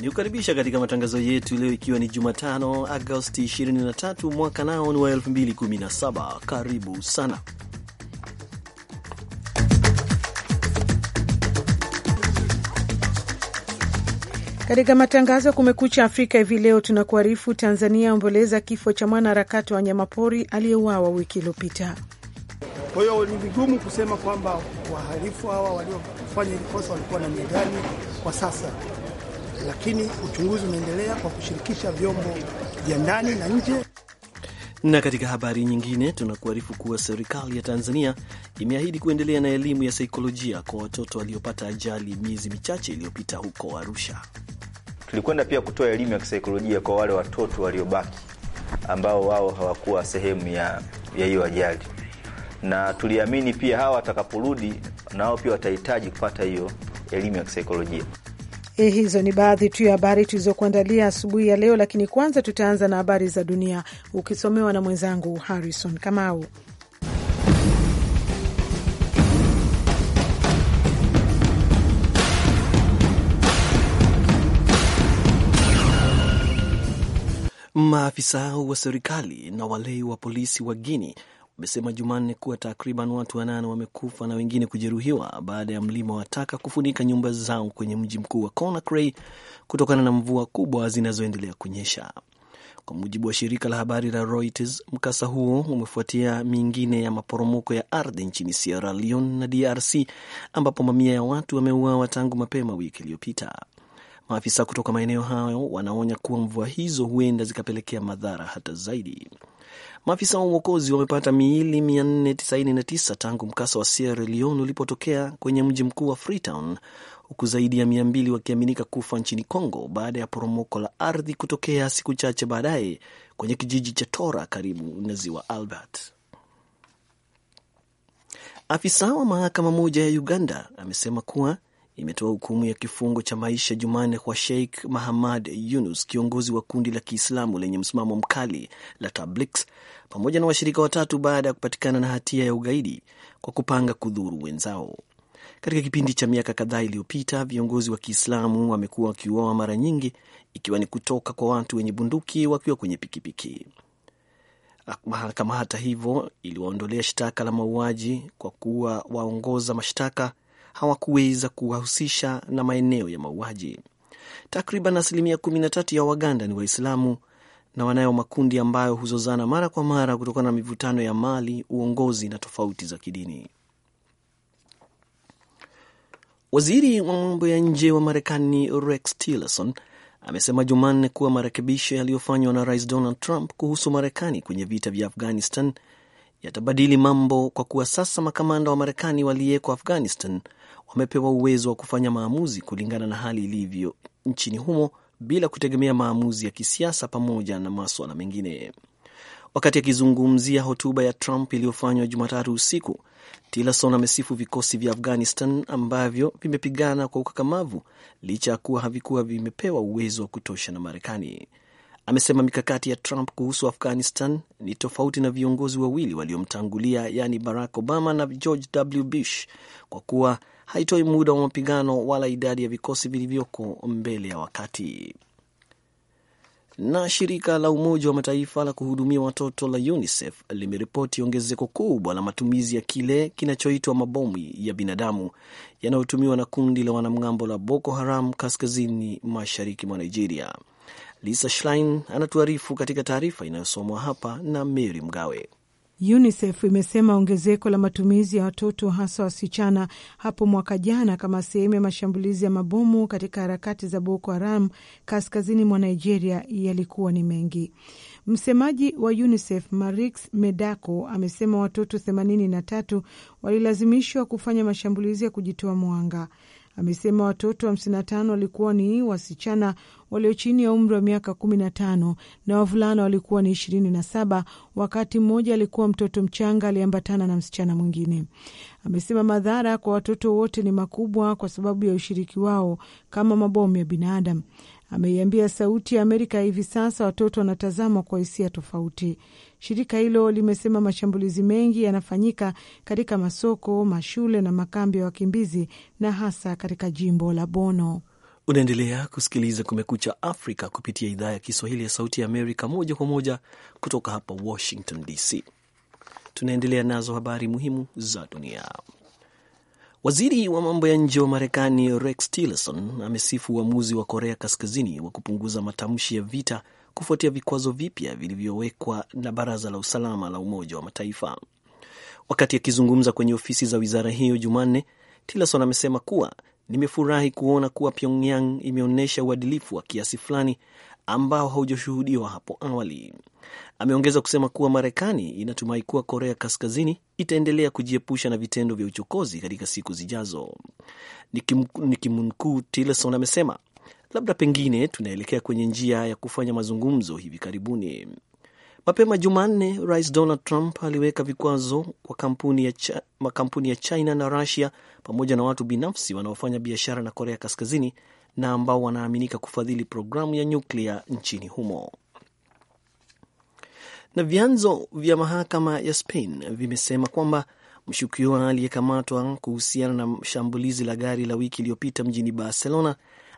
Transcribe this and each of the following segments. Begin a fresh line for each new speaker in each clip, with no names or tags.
ni kukaribisha katika matangazo yetu leo, ikiwa ni Jumatano Agosti 23 mwaka nao ni wa 2017. Karibu sana
katika matangazo ya Kumekucha Afrika hivi leo. Tunakuarifu Tanzania yaomboleza kifo cha mwanaharakati wa wanyamapori aliyeuawa wiki iliyopita.
Kwa hiyo ni vigumu kusema kwamba wahalifu hawa waliofanya hili kosa walikuwa na gani kwa sasa lakini uchunguzi unaendelea kwa kushirikisha vyombo
vya ndani na nje.
Na katika habari nyingine, tunakuarifu kuwa serikali ya Tanzania imeahidi kuendelea na elimu ya saikolojia kwa watoto waliopata ajali miezi michache
iliyopita huko Arusha. Tulikwenda pia kutoa elimu ya kisaikolojia kwa wale watoto waliobaki ambao wao hawakuwa sehemu ya hiyo ajali, na tuliamini pia hawa watakaporudi nao pia watahitaji kupata hiyo elimu ya kisaikolojia
hizo ni baadhi tu ya habari tulizokuandalia asubuhi ya leo, lakini kwanza tutaanza na habari za dunia ukisomewa na mwenzangu Harrison Kamau.
Maafisa wa serikali na wale wa polisi wa Guini amesema Jumanne kuwa takriban watu wanane wamekufa na wengine kujeruhiwa baada ya mlima wa taka kufunika nyumba zao kwenye mji mkuu wa Conakry kutokana na mvua kubwa zinazoendelea kunyesha. Kwa mujibu wa shirika la habari la Reuters, mkasa huo umefuatia mingine ya maporomoko ya ardhi nchini Sierra Leone na DRC ambapo mamia ya watu wameuawa tangu mapema wiki iliyopita. Maafisa kutoka maeneo hayo wanaonya kuwa mvua hizo huenda zikapelekea madhara hata zaidi. Maafisa wa uokozi wamepata miili 499 tangu mkasa wa Sierra Leone ulipotokea kwenye mji mkuu wa Freetown, huku zaidi ya 200 wakiaminika kufa nchini Congo baada ya poromoko la ardhi kutokea siku chache baadaye kwenye kijiji cha Tora karibu na ziwa Albert. Afisa wa mahakama moja ya Uganda amesema kuwa imetoa hukumu ya kifungo cha maisha Jumanne kwa Sheikh Mahamad Yunus, kiongozi wa kundi la Kiislamu lenye msimamo mkali la Tablix, pamoja na washirika watatu baada ya kupatikana na hatia ya ugaidi kwa kupanga kudhuru wenzao. Katika kipindi cha miaka kadhaa iliyopita, viongozi wa Kiislamu wamekuwa wakiuawa mara nyingi, ikiwa ni kutoka kwa watu wenye bunduki wakiwa kwenye pikipiki. Mahakama hata hivyo iliwaondolea shtaka la mauaji kwa kuwa waongoza mashtaka hawakuweza kuwahusisha na maeneo ya mauaji. Takriban asilimia 13 ya Waganda ni Waislamu na wanayo makundi ambayo huzozana mara kwa mara kutokana na mivutano ya mali, uongozi na tofauti za kidini. Waziri wa mambo ya nje wa Marekani Rex Tillerson amesema Jumanne kuwa marekebisho yaliyofanywa na Rais Donald Trump kuhusu Marekani kwenye vita vya Afghanistan yatabadili mambo kwa kuwa sasa makamanda wa Marekani waliyeko Afghanistan wamepewa uwezo wa kufanya maamuzi kulingana na hali ilivyo nchini humo bila kutegemea maamuzi ya kisiasa pamoja na maswala mengine. Wakati akizungumzia hotuba ya Trump iliyofanywa Jumatatu usiku, Tillerson amesifu vikosi vya Afghanistan ambavyo vimepigana kwa ukakamavu licha ya kuwa havikuwa vimepewa uwezo wa kutosha na Marekani. Amesema mikakati ya Trump kuhusu Afghanistan ni tofauti na viongozi wawili waliomtangulia, yaani Barack Obama na George W. Bush, kwa kuwa haitoi muda wa mapigano wala idadi ya vikosi vilivyoko mbele ya wakati. Na shirika la Umoja wa Mataifa la kuhudumia watoto la UNICEF limeripoti ongezeko kubwa la matumizi ya kile kinachoitwa mabomu ya binadamu yanayotumiwa na kundi la wanamgambo la Boko Haram kaskazini mashariki mwa Nigeria. Lisa Schlein anatuarifu katika taarifa inayosomwa hapa na Mary Mgawe.
UNICEF imesema ongezeko la matumizi ya watoto hasa wasichana hapo mwaka jana kama sehemu ya mashambulizi ya mabomu katika harakati za Boko Haram kaskazini mwa Nigeria yalikuwa ni mengi. Msemaji wa UNICEF Marix Medako amesema watoto 83 walilazimishwa kufanya mashambulizi ya kujitoa mwanga amesema watoto 55 walikuwa ni wasichana walio chini ya umri wa miaka 15 na wavulana walikuwa ni 27, wakati mmoja alikuwa mtoto mchanga aliambatana na msichana mwingine. Amesema madhara kwa watoto wote ni makubwa kwa sababu ya ushiriki wao kama mabomu ya binadamu ameiambia Sauti ya Amerika hivi sasa watoto wanatazamwa kwa hisia tofauti. Shirika hilo limesema mashambulizi mengi yanafanyika katika masoko, mashule na makambi ya wakimbizi na hasa katika jimbo la Bono.
Unaendelea kusikiliza Kumekucha Afrika kupitia idhaa ya Kiswahili ya Sauti ya Amerika, moja kwa moja kutoka hapa Washington DC. Tunaendelea nazo habari muhimu za dunia. Waziri wa mambo ya nje wa Marekani Rex Tillerson amesifu uamuzi wa Korea Kaskazini wa kupunguza matamshi ya vita kufuatia vikwazo vipya vilivyowekwa na Baraza la Usalama la Umoja wa Mataifa. Wakati akizungumza kwenye ofisi za wizara hiyo Jumanne, Tillerson amesema kuwa nimefurahi kuona kuwa Pyongyang imeonyesha uadilifu wa kiasi fulani ambao haujashuhudiwa hapo awali. Ameongeza kusema kuwa Marekani inatumai kuwa Korea Kaskazini itaendelea kujiepusha na vitendo vya uchokozi katika siku zijazo. Nikimkuu Tillerson amesema labda pengine tunaelekea kwenye njia ya kufanya mazungumzo hivi karibuni. Mapema Jumanne, Rais Donald Trump aliweka vikwazo kwa kampuni ya cha, makampuni ya China na russia pamoja na watu binafsi wanaofanya biashara na Korea Kaskazini na ambao wanaaminika kufadhili programu ya nyuklia nchini humo. Na vyanzo vya mahakama ya Spain vimesema kwamba mshukiwa aliyekamatwa kuhusiana na shambulizi la gari la wiki iliyopita mjini Barcelona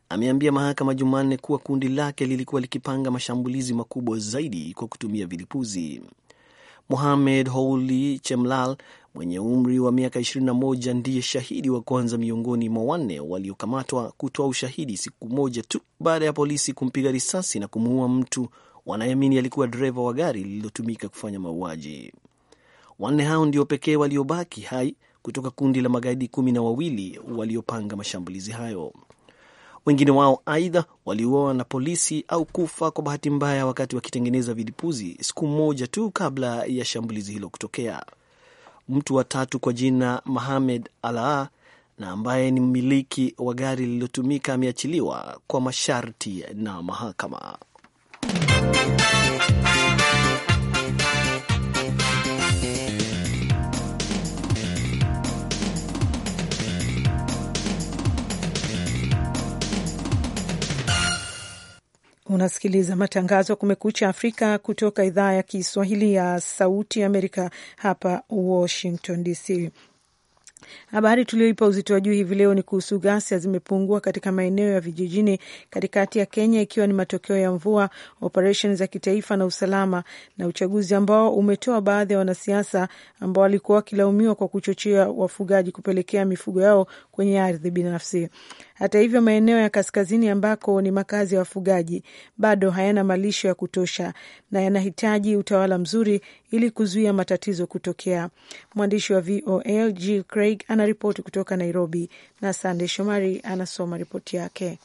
ameambia mahakama Jumanne kuwa kundi lake lilikuwa likipanga mashambulizi makubwa zaidi kwa kutumia vilipuzi. Mohamed Houli Chemlal mwenye umri wa miaka 21 ndiye shahidi wa kwanza miongoni mwa wanne waliokamatwa kutoa ushahidi siku moja tu baada ya polisi kumpiga risasi na kumuua mtu wanayeamini alikuwa dereva wa gari lililotumika kufanya mauaji. Wanne hao ndio pekee waliobaki hai kutoka kundi la magaidi kumi na wawili waliopanga mashambulizi hayo. Wengine wao aidha waliuawa na polisi au kufa kwa bahati mbaya wakati wakitengeneza vilipuzi, siku moja tu kabla ya shambulizi hilo kutokea. Mtu wa tatu kwa jina Mohamed Alaa na ambaye ni mmiliki wa gari lililotumika ameachiliwa kwa masharti na mahakama.
Unasikiliza matangazo ya Kumekucha Afrika kutoka idhaa ya Kiswahili ya Sauti Amerika, hapa Washington DC. Habari tulioipa uzito wa juu hivi leo ni kuhusu ghasia zimepungua katika maeneo ya vijijini katikati ya Kenya, ikiwa ni matokeo ya mvua, operesheni za kitaifa na usalama na uchaguzi ambao umetoa baadhi ya wanasiasa ambao walikuwa wakilaumiwa kwa kuchochea wafugaji kupelekea mifugo yao kwenye ardhi binafsi. Hata hivyo, maeneo ya kaskazini ambako ni makazi ya wafugaji bado hayana malisho ya kutosha na yanahitaji utawala mzuri ili kuzuia matatizo kutokea. Mwandishi wa VOA Jill Craig anaripoti kutoka Nairobi na Sande Shomari anasoma ripoti yake.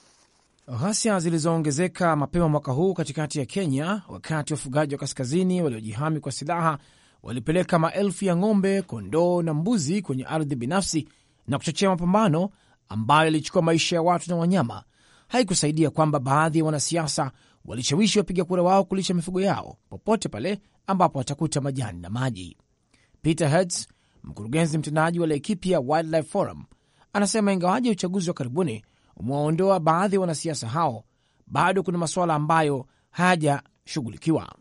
Ghasia zilizoongezeka mapema mwaka huu katikati ya Kenya, wakati wafugaji wa kaskazini waliojihami kwa silaha walipeleka maelfu ya ng'ombe, kondoo na mbuzi kwenye ardhi binafsi na kuchochea mapambano ambayo ilichukua maisha ya watu na wanyama, haikusaidia kwamba baadhi ya wanasiasa walishawishi wapiga kura wao kulisha mifugo yao popote pale ambapo watakuta majani na maji. Peter Hertz, mkurugenzi mtendaji wa Laikipia Wildlife Forum, anasema ingawaji uchaguzi wa karibuni umewaondoa baadhi ya wanasiasa hao, bado kuna masuala ambayo haja kushughulikiwa.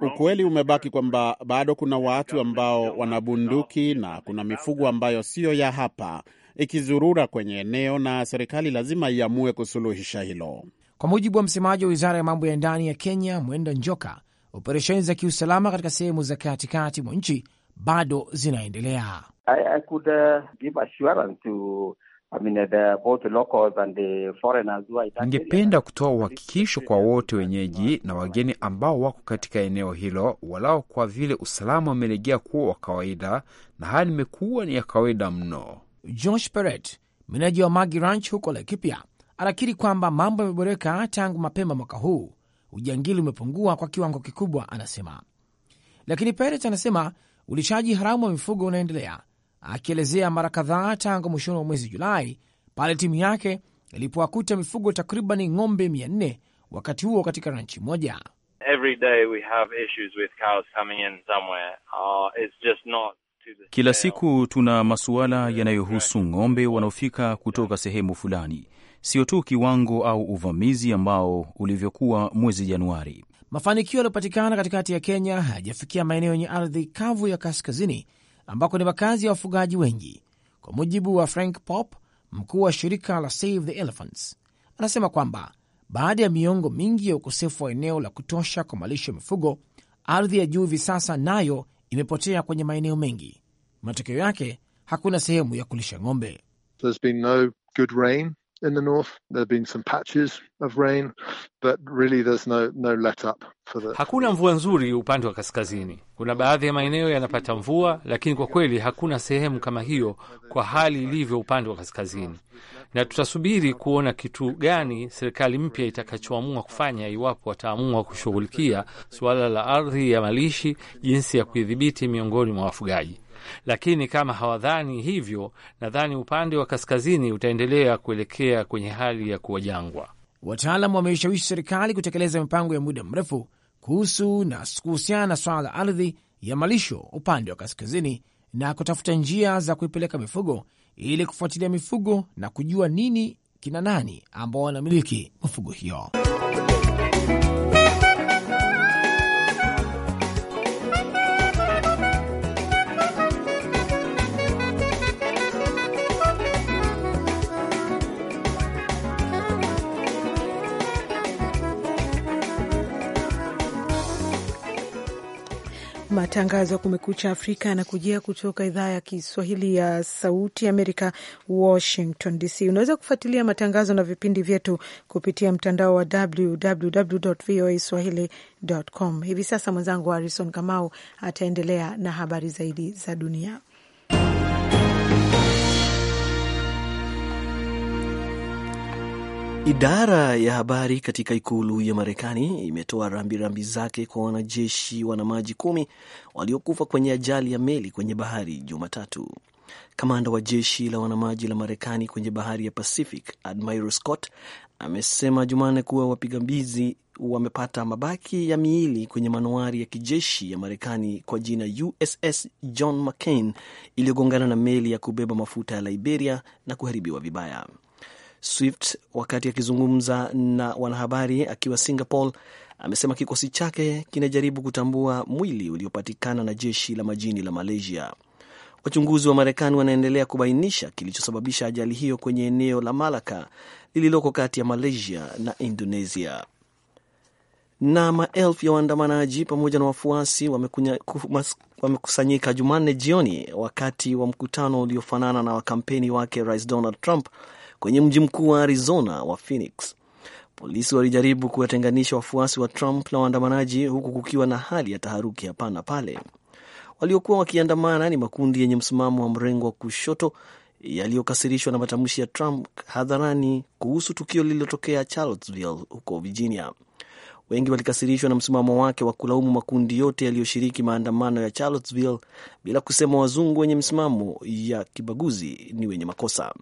Ukweli umebaki kwamba bado kuna watu ambao wanabunduki na kuna mifugo ambayo siyo ya hapa ikizurura kwenye eneo, na serikali lazima iamue kusuluhisha hilo.
Kwa mujibu wa msemaji wa wizara ya mambo ya ndani ya Kenya, Mwenda Njoka, operesheni za kiusalama katika sehemu za katikati mwa nchi bado zinaendelea.
I, I could, uh, give assurance to I mean, the, both locals and the foreigners who are.
Ningependa kutoa uhakikisho kwa wote wenyeji na wageni
ambao wako katika eneo hilo, walao kwa vile usalama umelegea kuwa wa kawaida na hali imekuwa ni ya kawaida mno. Josh Peret, meneja wa Magi Ranch huko Laikipia, anakiri kwamba mambo yameboreka tangu mapema mwaka huu. Ujangili umepungua kwa kiwango kikubwa, anasema. Lakini Peret anasema ulishaji haramu wa mifugo unaendelea akielezea mara kadhaa tangu mwishoni mwa mwezi Julai pale timu yake ilipowakuta mifugo takriban ng'ombe 400 wakati huo katika ranchi moja.
Uh,
Kila siku tuna masuala yanayohusu ng'ombe wanaofika kutoka sehemu fulani, sio tu kiwango au uvamizi ambao ulivyokuwa mwezi Januari.
Mafanikio yaliyopatikana katikati ya Kenya hayajafikia maeneo yenye ardhi kavu ya kaskazini ambako ni makazi ya wafugaji wengi. Kwa mujibu wa Frank Pop, mkuu wa shirika la Save the Elephants, anasema kwamba baada ya miongo mingi ya ukosefu wa eneo la kutosha kwa malisho ya mifugo, ardhi ya juu hivi sasa nayo imepotea kwenye maeneo mengi. Matokeo yake hakuna sehemu ya kulisha ng'ombe.
There's been no good rain in
the north. There have been some patches of rain, but really there's no, no let up for
the... Hakuna mvua nzuri upande wa kaskazini. Kuna baadhi ya maeneo yanapata mvua, lakini kwa kweli hakuna sehemu kama hiyo kwa hali ilivyo upande wa kaskazini, na tutasubiri kuona kitu gani serikali mpya itakachoamua kufanya, iwapo wataamua kushughulikia suala la ardhi ya malishi, jinsi ya kuidhibiti miongoni mwa wafugaji. Lakini kama hawadhani hivyo, nadhani upande wa kaskazini utaendelea kuelekea kwenye
hali ya kuwa jangwa. Wataalam wameishawishi serikali kutekeleza mipango ya muda mrefu kuhusu na kuhusiana na swala la ardhi ya malisho upande wa kaskazini na kutafuta njia za kuipeleka mifugo ili kufuatilia mifugo na kujua nini kina nani ambao wanamiliki mifugo hiyo.
Matangazo ya Kumekucha Afrika yanakujia kutoka idhaa ya Kiswahili ya Sauti Amerika, Washington DC. Unaweza kufuatilia matangazo na vipindi vyetu kupitia mtandao wa www voa swahili.com. Hivi sasa mwenzangu Harrison Kamau ataendelea na habari zaidi za dunia.
Idara ya habari katika ikulu ya Marekani imetoa rambirambi zake kwa wanajeshi wanamaji kumi waliokufa kwenye ajali ya meli kwenye bahari Jumatatu. Kamanda wa jeshi la wanamaji la Marekani kwenye bahari ya Pacific, Admiral Scott, amesema Jumanne kuwa wapiga mbizi wamepata mabaki ya miili kwenye manuari ya kijeshi ya Marekani kwa jina USS John McCain iliyogongana na meli ya kubeba mafuta ya Liberia na kuharibiwa vibaya. Swift wakati akizungumza na wanahabari akiwa Singapore amesema kikosi chake kinajaribu kutambua mwili uliopatikana na jeshi la majini la Malaysia. Wachunguzi wa Marekani wanaendelea kubainisha kilichosababisha ajali hiyo kwenye eneo la Malaka lililoko kati ya Malaysia na Indonesia. Na maelfu ya waandamanaji pamoja na wafuasi wamekusanyika Jumanne jioni wakati wa mkutano uliofanana na wa kampeni wake Rais Donald Trump kwenye mji mkuu wa Arizona wa Phoenix. Polisi walijaribu kuwatenganisha wafuasi wa Trump na waandamanaji, huku kukiwa na hali ya taharuki hapa na pale. Waliokuwa wakiandamana ni makundi yenye msimamo wa mrengo wa kushoto yaliyokasirishwa na matamshi ya Trump hadharani kuhusu tukio lililotokea Charlottesville huko Virginia. Wengi walikasirishwa na msimamo wake wa kulaumu makundi yote yaliyoshiriki maandamano ya Charlottesville bila kusema wazungu wenye msimamo ya kibaguzi ni wenye makosa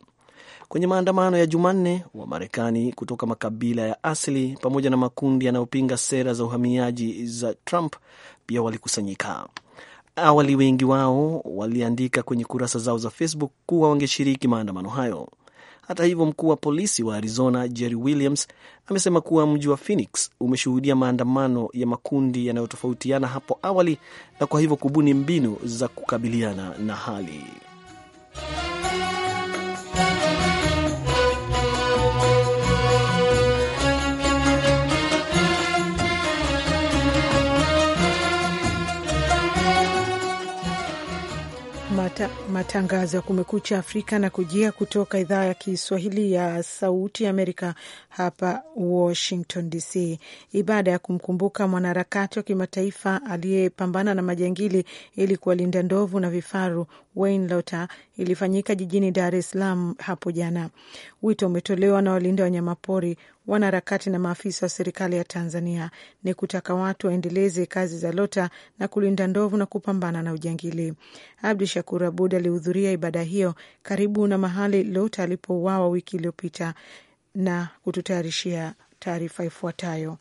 kwenye maandamano ya Jumanne wa Marekani kutoka makabila ya asili pamoja na makundi yanayopinga sera za uhamiaji za Trump pia walikusanyika. Awali wengi wao waliandika kwenye kurasa zao za Facebook kuwa wangeshiriki maandamano hayo. Hata hivyo, mkuu wa polisi wa Arizona Jerry Williams amesema kuwa mji wa Phoenix umeshuhudia maandamano ya makundi yanayotofautiana hapo awali na kwa hivyo kubuni mbinu za kukabiliana na hali
kufuata matangazo ya Kumekucha Afrika na kujia kutoka idhaa ya Kiswahili ya Sauti Amerika hapa Washington DC. Ibada ya kumkumbuka mwanaharakati wa kimataifa aliyepambana na majangili ili kuwalinda ndovu na vifaru Wayne Lotter ilifanyika jijini Dar es Salaam hapo jana. Wito umetolewa na walinda wanyamapori wanaharakati na maafisa wa serikali ya Tanzania ni kutaka watu waendeleze kazi za lota na kulinda ndovu na kupambana na ujangili. Abdu Shakur Abud alihudhuria ibada hiyo karibu na mahali lota alipouawa wiki iliyopita na kututayarishia taarifa ifuatayo.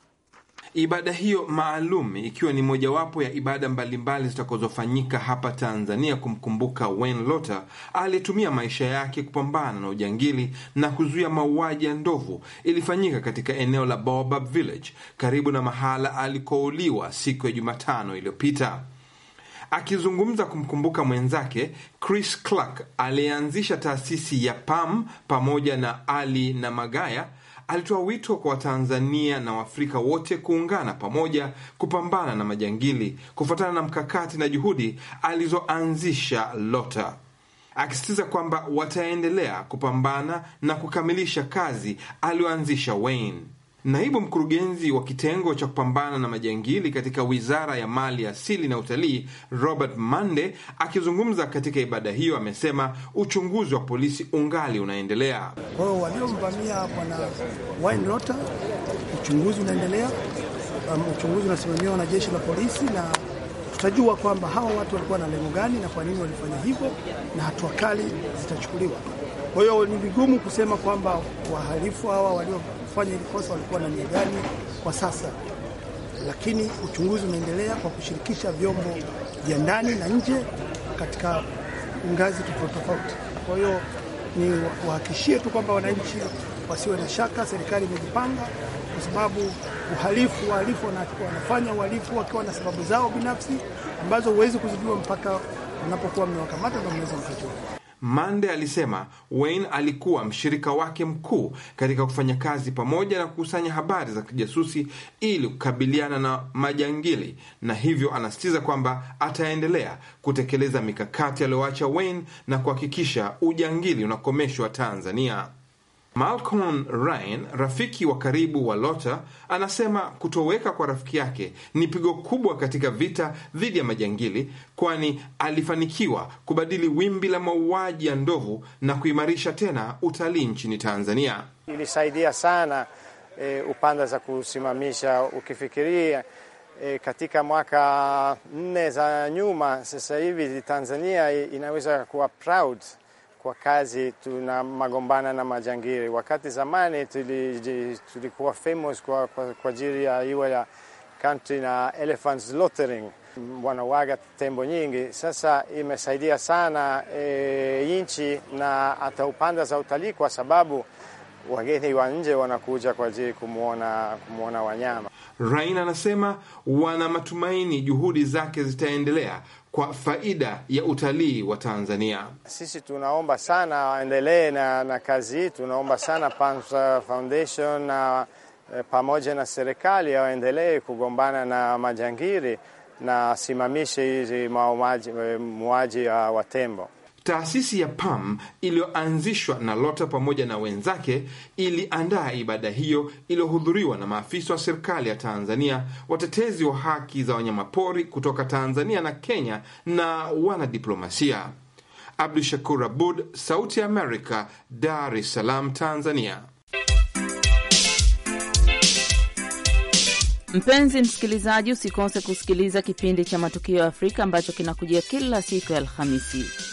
Ibada hiyo maalum ikiwa ni mojawapo ya ibada mbalimbali zitakazofanyika hapa Tanzania kumkumbuka Wayne Lotter aliyetumia maisha yake kupambana na ujangili na kuzuia mauaji ya ndovu, ilifanyika katika eneo la Baobab Village karibu na mahala alikouliwa siku ya Jumatano iliyopita. Akizungumza kumkumbuka mwenzake Chris Clark aliyeanzisha taasisi ya PAM pamoja na Ali na Magaya alitoa wito kwa Watanzania na Waafrika wote kuungana pamoja kupambana na majangili kufuatana na mkakati na juhudi alizoanzisha Lota, akisisitiza kwamba wataendelea kupambana na kukamilisha kazi aliyoanzisha Wayne. Naibu mkurugenzi wa kitengo cha kupambana na majangili katika wizara ya mali asili na utalii, Robert Mande, akizungumza katika ibada hiyo, amesema uchunguzi wa polisi ungali unaendelea.
Kwa hiyo waliomvamia bwana Wayne uchunguzi unaendelea. Um, uchunguzi unasimamiwa na jeshi la polisi na tutajua kwamba hawa watu walikuwa na lengo gani na kwa nini walifanya hivyo, na hatua kali zitachukuliwa. Kwa hiyo ni vigumu kusema kwamba wahalifu hawa walio waliofanya hili kosa walikuwa na nia gani kwa sasa, lakini uchunguzi unaendelea kwa kushirikisha vyombo vya ndani na nje katika ngazi tofauti tofauti. Kwa hiyo ni wahakishie tu kwamba wananchi wasiwe na shaka, serikali imejipanga kwa sababu uhalifu, wahalifu wanafanya uhalifu wakiwa na sababu zao binafsi ambazo huwezi kuzijua mpaka unapokuwa mmewakamata na
mnaweza mkajua.
Mande alisema Wayne alikuwa mshirika wake mkuu katika kufanya kazi pamoja na kukusanya habari za kijasusi ili kukabiliana na majangili, na hivyo anasisitiza kwamba ataendelea kutekeleza mikakati aliyoacha Wayne na kuhakikisha ujangili unakomeshwa Tanzania. Malcolm Ryan, rafiki wa karibu wa Lota, anasema kutoweka kwa rafiki yake ni pigo kubwa katika vita dhidi ya majangili, kwani alifanikiwa kubadili wimbi la mauaji ya ndovu na kuimarisha tena utalii nchini Tanzania.
Ilisaidia sana e, upande za kusimamisha. Ukifikiria e, katika mwaka nne za nyuma, sasa hivi Tanzania inaweza kuwa proud kwa kazi, tuna magombana na majangiri. Wakati zamani tulikuwa famous kwa, kwa, kwa ajili ya iwa ya country na elephant slaughtering, wanawaga tembo nyingi. Sasa imesaidia sana e, nchi na hata upande za utalii kwa sababu wageni wa nje wanakuja kwa ajili kumwona kumwona wanyama.
Rain anasema wana matumaini juhudi zake zitaendelea kwa faida ya utalii wa Tanzania.
Sisi tunaomba sana waendelee na, na kazi hii. Tunaomba sana Foundation na eh, pamoja na serikali waendelee kugombana na majangiri na asimamishe hizi mauaji eh, wa tembo.
Taasisi ya PAM iliyoanzishwa na Lota pamoja na wenzake iliandaa ibada hiyo iliyohudhuriwa na maafisa wa serikali ya Tanzania, watetezi wa haki za wanyamapori kutoka Tanzania na Kenya na wanadiplomasia. Abdu Shakur Abud, Sauti ya Amerika, Dar es Salaam, Tanzania.
Mpenzi msikilizaji, usikose kusikiliza kipindi cha Matukio ya Afrika ambacho kinakujia kila siku ya Alhamisi.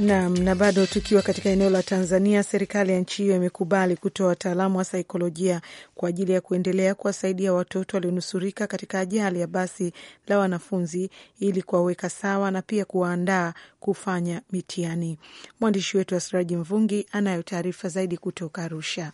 Naam, na bado tukiwa katika eneo la Tanzania, serikali ya nchi hiyo imekubali kutoa wataalamu wa saikolojia kwa ajili ya kuendelea kuwasaidia watoto walionusurika katika ajali ya basi la wanafunzi ili kuwaweka sawa na pia kuwaandaa kufanya mitihani. Mwandishi wetu Asiraji Mvungi anayo taarifa zaidi kutoka Arusha.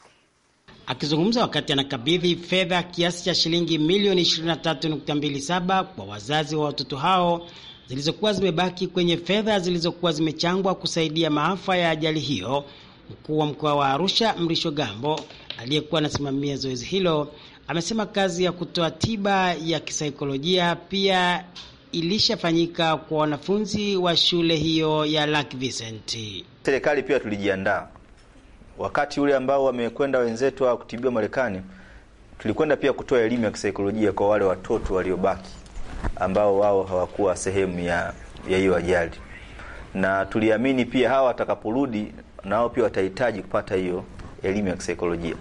Akizungumza wakati anakabidhi fedha kiasi cha shilingi milioni 23.27 kwa wazazi wa watoto hao zilizokuwa zimebaki kwenye fedha zilizokuwa zimechangwa kusaidia maafa ya ajali hiyo. Mkuu wa mkoa wa Arusha Mrisho Gambo aliyekuwa anasimamia zoezi hilo amesema kazi ya kutoa tiba ya kisaikolojia pia ilishafanyika kwa wanafunzi wa shule hiyo ya Lake Vincent.
Serikali pia tulijiandaa wakati ule ambao wamekwenda wenzetu wa kutibiwa Marekani, tulikwenda pia kutoa elimu ya kisaikolojia kwa wale watoto waliobaki ambao wao hawakuwa sehemu ya ya hiyo ajali, na tuliamini pia hawa watakaporudi nao pia watahitaji kupata hiyo elimu ya kisaikolojia.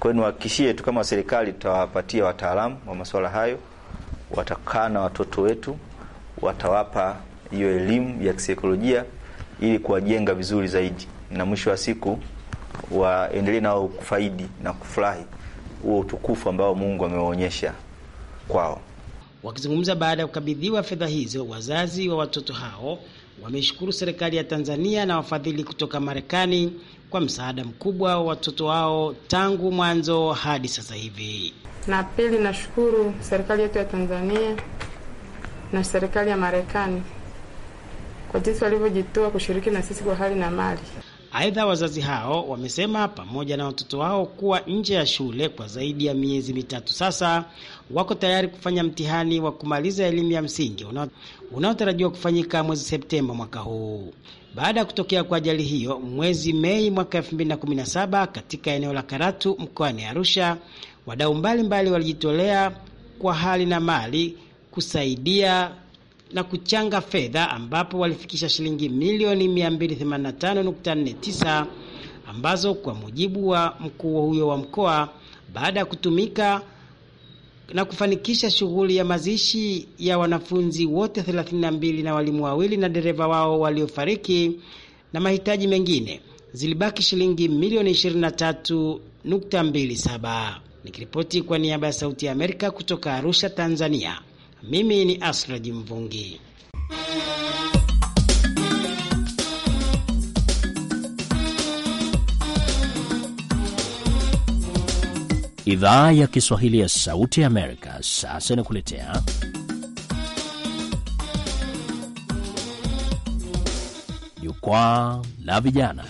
Kwa hiyo niwahakikishie tu kama serikali tutawapatia wataalamu wa masuala hayo, watakaa na watoto wetu, watawapa hiyo elimu ya kisaikolojia ili kuwajenga vizuri zaidi, na mwisho wa siku waendelee nao kufaidi na kufurahi huo utukufu ambao Mungu amewaonyesha kwao.
Wakizungumza baada ya kukabidhiwa fedha hizo, wazazi wa watoto hao wameshukuru serikali ya Tanzania na wafadhili kutoka Marekani kwa msaada mkubwa wa watoto wao tangu mwanzo hadi sasa hivi.
Na pili, nashukuru serikali yetu ya Tanzania na serikali ya Marekani kwa jinsi
walivyojitoa
kushiriki na sisi kwa hali na mali.
Aidha, wazazi hao wamesema pamoja na watoto wao kuwa nje ya shule kwa zaidi ya miezi mitatu sasa, wako tayari kufanya mtihani wa kumaliza elimu ya msingi unaotarajiwa kufanyika mwezi Septemba mwaka huu. Baada ya kutokea kwa ajali hiyo mwezi Mei mwaka 2017 katika eneo la Karatu mkoani Arusha, wadau mbalimbali walijitolea kwa hali na mali kusaidia la kuchanga fedha ambapo walifikisha shilingi milioni 285.49 ambazo kwa mujibu wa mkuu huyo wa mkoa baada ya kutumika na kufanikisha shughuli ya mazishi ya wanafunzi wote 32 na walimu wawili na dereva wao waliofariki na mahitaji mengine zilibaki shilingi milioni 23.27. Nikiripoti kwa niaba ya Sauti ya Amerika kutoka Arusha, Tanzania. Mimi ni Asraji Mvungi.
Idhaa ya Kiswahili ya Sauti ya Amerika sasa inakuletea jukwaa la vijana.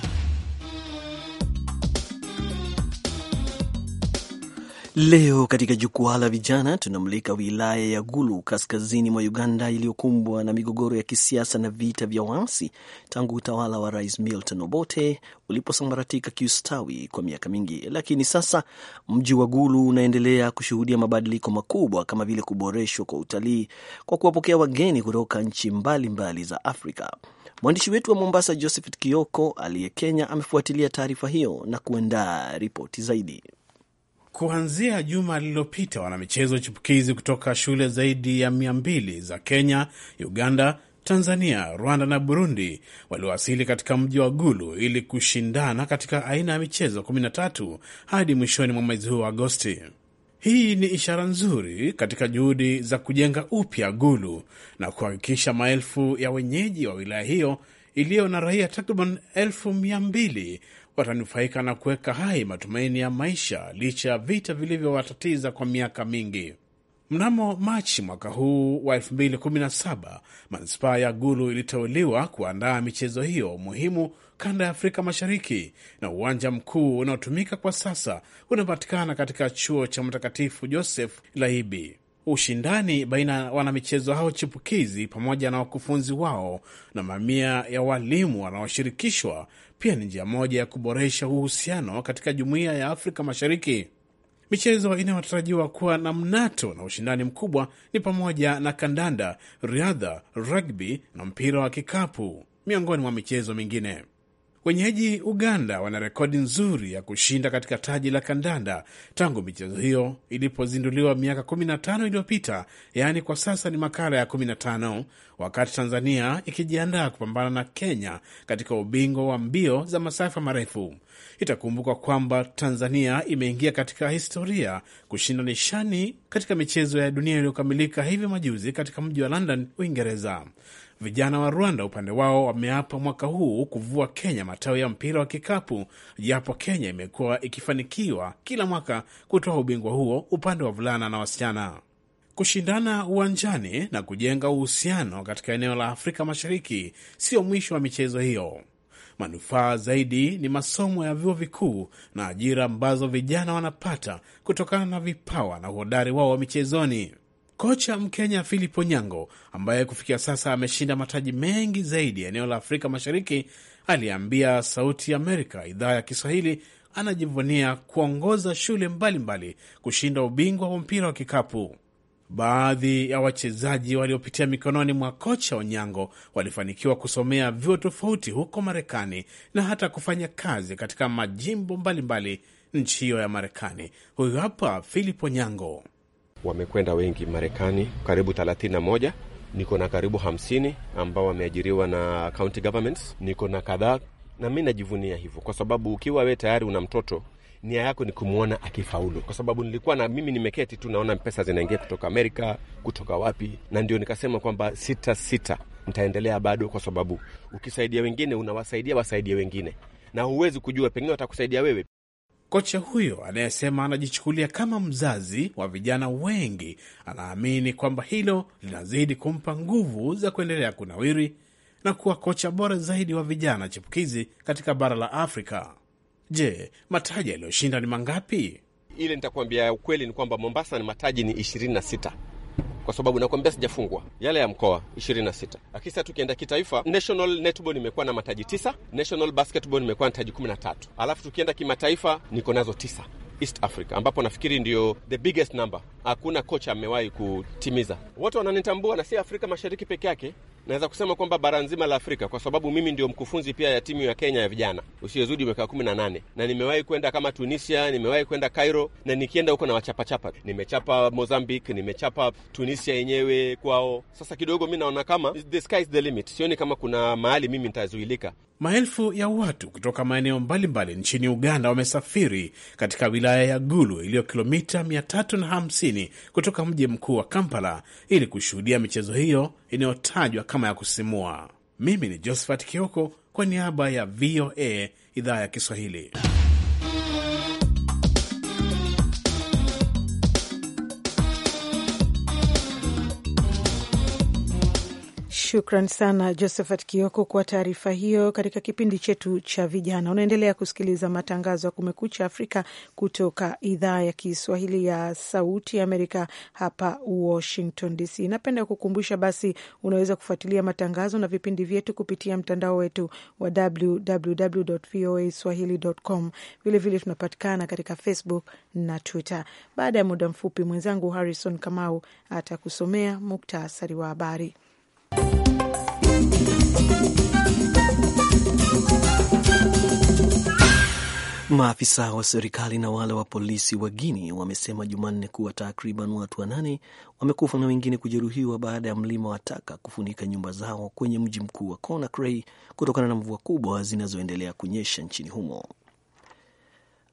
Leo katika jukwaa la vijana tunamulika wilaya ya Gulu kaskazini mwa Uganda iliyokumbwa na migogoro ya kisiasa na vita vya waasi tangu utawala wa Rais Milton Obote uliposambaratika kiustawi kwa miaka mingi. Lakini sasa mji wa Gulu unaendelea kushuhudia mabadiliko makubwa kama vile kuboreshwa kwa utalii kwa kuwapokea wageni kutoka nchi mbalimbali mbali za Afrika. Mwandishi wetu wa Mombasa Josephat Kioko aliye Kenya amefuatilia taarifa hiyo na
kuandaa ripoti zaidi. Kuanzia juma lililopita, wanamichezo chipukizi kutoka shule zaidi ya mia mbili za Kenya, Uganda, Tanzania, Rwanda na Burundi waliwasili katika mji wa Gulu ili kushindana katika aina ya michezo 13 hadi mwishoni mwa mwezi huu wa Agosti. Hii ni ishara nzuri katika juhudi za kujenga upya Gulu na kuhakikisha maelfu ya wenyeji wa wilaya hiyo iliyo na raia takriban elfu mia mbili watanufaika na kuweka hai matumaini ya maisha licha ya vita vilivyowatatiza kwa miaka mingi. Mnamo Machi mwaka huu wa 2017 manispaa ya Gulu iliteuliwa kuandaa michezo hiyo muhimu kanda ya Afrika Mashariki, na uwanja mkuu unaotumika kwa sasa unapatikana katika chuo cha Mtakatifu Joseph Laibi ushindani baina ya wanamichezo hao chipukizi pamoja na wakufunzi wao na mamia ya walimu wanaoshirikishwa pia ni njia moja ya kuboresha uhusiano katika jumuiya ya Afrika Mashariki. Michezo inayotarajiwa kuwa na mnato na ushindani mkubwa ni pamoja na kandanda, riadha, rugby na mpira wa kikapu, miongoni mwa michezo mingine. Wenyeji Uganda wana rekodi nzuri ya kushinda katika taji la kandanda tangu michezo hiyo ilipozinduliwa miaka 15 iliyopita, yaani kwa sasa ni makala ya 15 wakati Tanzania ikijiandaa kupambana na Kenya katika ubingwa wa mbio za masafa marefu. Itakumbukwa kwamba Tanzania imeingia katika historia kushinda nishani katika michezo ya dunia iliyokamilika hivi majuzi katika mji wa London, Uingereza. Vijana wa Rwanda upande wao wameapa mwaka huu kuvua Kenya matawi ya mpira wa kikapu, japo Kenya imekuwa ikifanikiwa kila mwaka kutoa ubingwa huo upande wa vulana na wasichana kushindana uwanjani na kujenga uhusiano katika eneo la Afrika Mashariki sio mwisho wa michezo hiyo. Manufaa zaidi ni masomo ya vyuo vikuu na ajira ambazo vijana wanapata kutokana na vipawa na uhodari wao wa michezoni. Kocha Mkenya Philip Onyango, ambaye kufikia sasa ameshinda mataji mengi zaidi ya eneo la Afrika Mashariki, aliambia Sauti Amerika idhaa ya Kiswahili anajivunia kuongoza shule mbalimbali mbali kushinda ubingwa wa mpira wa kikapu. Baadhi ya wachezaji waliopitia mikononi mwa kocha Onyango walifanikiwa kusomea vyuo tofauti huko Marekani na hata kufanya kazi katika majimbo mbalimbali mbali nchi hiyo ya Marekani. Huyu hapa Philip Onyango.
Wamekwenda wengi Marekani, karibu 31 niko na karibu 50 ambao wameajiriwa na county governments. Niko na kadhaa na mi najivunia hivyo, kwa sababu ukiwa we tayari una mtoto nia yako ni kumwona akifaulu, kwa sababu nilikuwa na mimi nimeketi tu naona pesa zinaingia kutoka Amerika, kutoka wapi, na ndio nikasema kwamba sita sita nitaendelea bado, kwa sababu ukisaidia wengine unawasaidia wasaidia wengine, na huwezi kujua pengine watakusaidia wewe.
Kocha huyo anayesema anajichukulia kama mzazi wa vijana wengi, anaamini kwamba hilo linazidi kumpa nguvu za kuendelea kunawiri na kuwa kocha bora zaidi wa vijana chipukizi katika bara la Afrika. Je, mataji yaliyoshinda ni mangapi?
Ile nitakuambia ukweli ni kwamba Mombasa ni mataji ni sita kwa sababu nakwambia sijafungwa yale ya mkoa 26, lakini sasa tukienda kitaifa, national netball nimekuwa na mataji tisa, national basketball nimekuwa na taji 13, alafu tukienda kimataifa niko nazo tisa East Africa ambapo nafikiri ndio the biggest number. Hakuna kocha amewahi kutimiza. Wote wananitambua na si Afrika Mashariki peke yake, naweza kusema kwamba bara nzima la Afrika, kwa sababu mimi ndio mkufunzi pia ya timu ya Kenya ya vijana usiozudi miaka kumi na nane, na nimewahi kwenda kama Tunisia, nimewahi kwenda Cairo, na nikienda huko na wachapachapa, nimechapa Mozambique, nimechapa Tunisia yenyewe kwao. Sasa kidogo mi naona kama the sky is the limit, sioni kama kuna mahali mimi
nitazuilika. Maelfu ya watu kutoka maeneo mbalimbali nchini Uganda wamesafiri katika wilaya ya Gulu iliyo kilomita 350 kutoka mji mkuu wa Kampala ili kushuhudia michezo hiyo inayotajwa kama ya kusimua. Mimi ni Josephat Kioko kwa niaba ya VOA idhaa ya Kiswahili.
Shukran sana Josephat Kioko kwa taarifa hiyo katika kipindi chetu cha vijana. Unaendelea kusikiliza matangazo ya Kumekucha Afrika kutoka idhaa ya Kiswahili ya Sauti Amerika hapa Washington DC. Napenda kukumbusha basi, unaweza kufuatilia matangazo na vipindi vyetu kupitia mtandao wetu wa www voa swahili.com. Vilevile tunapatikana katika Facebook na Twitter. Baada ya muda mfupi, mwenzangu Harrison Kamau atakusomea muktasari wa habari.
Maafisa wa serikali na wale wa polisi wa Guini wamesema Jumanne kuwa takriban watu wanane wamekufa na wengine kujeruhiwa baada ya mlima wa taka kufunika nyumba zao kwenye mji mkuu wa Conakry kutokana na mvua kubwa zinazoendelea kunyesha nchini humo.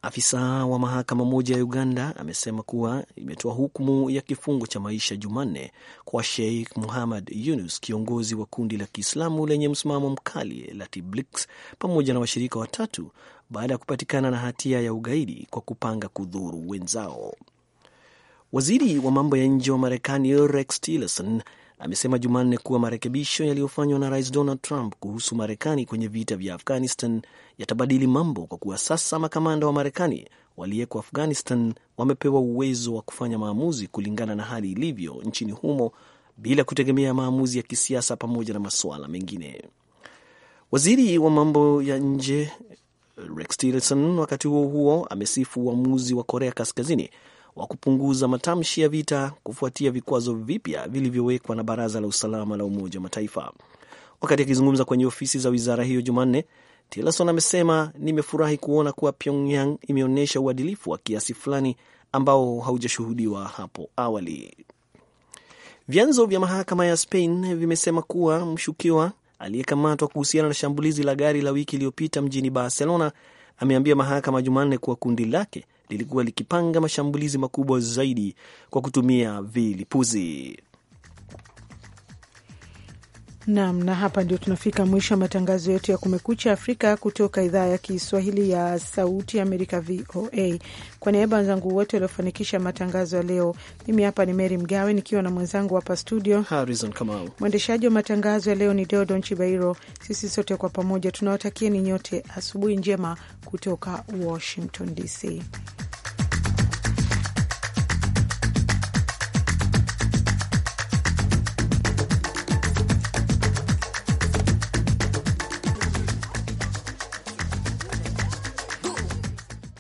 Afisa wa mahakama moja ya Uganda amesema kuwa imetoa hukumu ya kifungo cha maisha Jumanne kwa Sheikh Muhammad Yunus, kiongozi wa kundi la Kiislamu lenye msimamo mkali la Tblix pamoja na washirika watatu baada ya kupatikana na hatia ya ugaidi kwa kupanga kudhuru wenzao. Waziri wa mambo ya nje wa Marekani Rex Tillerson amesema Jumanne kuwa marekebisho yaliyofanywa na Rais Donald Trump kuhusu Marekani kwenye vita vya Afghanistan yatabadili mambo kwa kuwa sasa makamanda wa Marekani waliyeko Afghanistan wamepewa uwezo wa kufanya maamuzi kulingana na hali ilivyo nchini humo bila kutegemea maamuzi ya kisiasa pamoja na masuala mengine. Waziri wa mambo ya nje Rex Tillerson, wakati huo huo, amesifu uamuzi wa Korea Kaskazini wa kupunguza matamshi ya vita kufuatia vikwazo vipya vilivyowekwa na Baraza la Usalama la Umoja wa Mataifa. Wakati akizungumza kwenye ofisi za wizara hiyo Jumanne, Tillerson amesema, nimefurahi kuona kuwa Pyongyang imeonyesha uadilifu wa kiasi fulani ambao haujashuhudiwa hapo awali. Vyanzo vya mahakama ya Spain vimesema kuwa mshukiwa aliyekamatwa kuhusiana na shambulizi la gari la wiki iliyopita mjini Barcelona ameambia mahakama Jumanne kuwa kundi lake lilikuwa likipanga mashambulizi makubwa zaidi kwa kutumia vilipuzi.
Nam, na hapa ndio tunafika mwisho wa matangazo yetu ya Kumekucha Afrika kutoka idhaa ya Kiswahili ya Sauti Amerika, VOA. Kwa niaba wenzangu wote waliofanikisha matangazo ya leo, mimi hapa ni Meri Mgawe nikiwa na mwenzangu hapa studio
Harrison Kamau.
Mwendeshaji wa matangazo ya leo ni Deodon bairo Sisi sote kwa pamoja tunawatakieni nyote asubuhi njema kutoka Washington DC.